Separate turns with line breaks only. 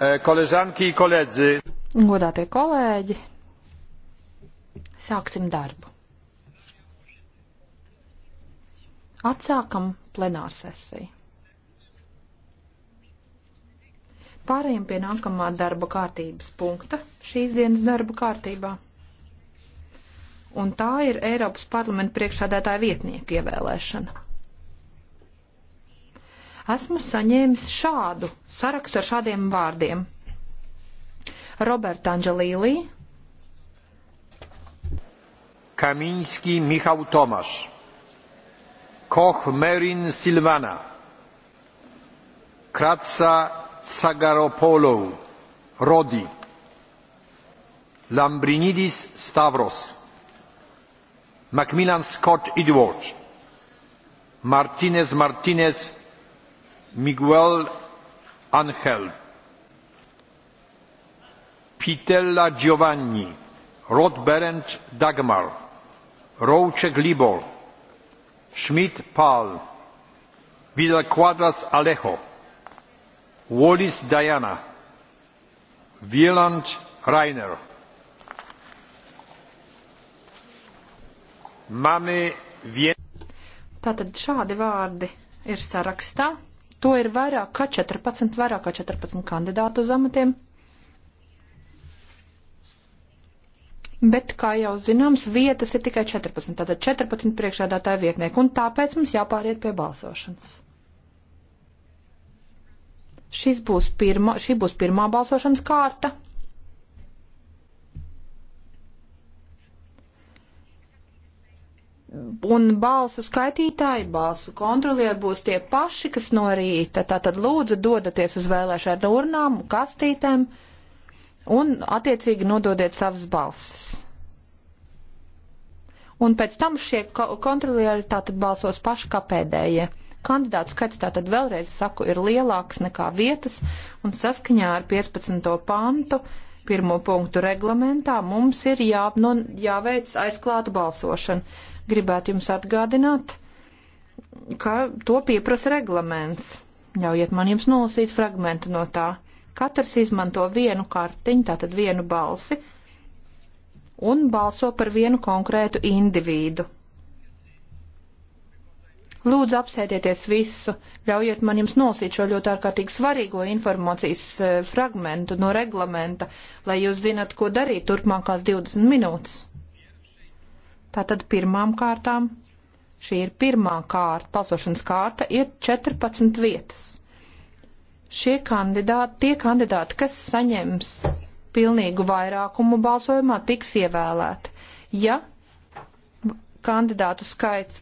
E, koleżanki i koledzy.
Godātie kolēģi, sāksim darbu. Atsākam plenārsesiju. Pārējiem pie nākamā darba kārtības punkta šīs dienas darba kārtībā. Un tā ir Eiropas parlamenta priekšādētāja vietnieka ievēlēšana esmu saņēmis šādu sarakstu ar šādiem vārdiem. Roberta Anģelīlī.
Kaminski Mihau Tomaš. Koch Merin Silvana. Kratsa Tsagaropoulou. Rodi. Lambrinidis Stavros. Macmillan Scott Edward. Martinez Martinez Miguel Angel, Pitella Giovanni, Rothberend Dagmar, Rouczek Libor, Schmidt Paul, Vidal Quadras Alejo, Wallis Diana, Wieland Reiner. Mamy wie...
Tātad šādi vārdi ir sarakstā. To ir vairāk kā 14, vairāk kā 14 kandidātu uz amatiem. Bet, kā jau zināms, vietas ir tikai 14, tātad 14 priekšādātāja vietnieku, un tāpēc mums jāpāriet pie balsošanas. Šis būs pirma, šī būs pirmā balsošanas kārta. un balsu skaitītāji, balsu kontrolieri būs tie paši, kas no rīta. Tātad lūdzu dodaties uz vēlēšanu urnām, kastītēm un attiecīgi nododiet savas balsis. Un pēc tam šie kontrolieri tātad balsos paši kā pēdējie. Kandidātu skaits tātad vēlreiz saku ir lielāks nekā vietas un saskaņā ar 15. pantu pirmo punktu reglamentā mums ir jā, no, nu, jāveic aizklāta balsošana gribētu jums atgādināt, ka to pieprasa reglaments. Ļaujiet man jums nolasīt fragmentu no tā. Katrs izmanto vienu kartiņu, tātad vienu balsi, un balso par vienu konkrētu individu. Lūdzu, apsēdieties visu, ļaujiet man jums nosīt šo ļoti ārkārtīgi svarīgo informācijas eh, fragmentu no reglamenta, lai jūs zinat, ko darīt turpmākās 20 minūtes. Tātad pirmām kārtām, šī ir pirmā kārta, balsošanas kārta, ir 14 vietas. Šie kandidāti, tie kandidāti, kas saņems pilnīgu vairākumu balsojumā, tiks ievēlēti. Ja kandidātu skaits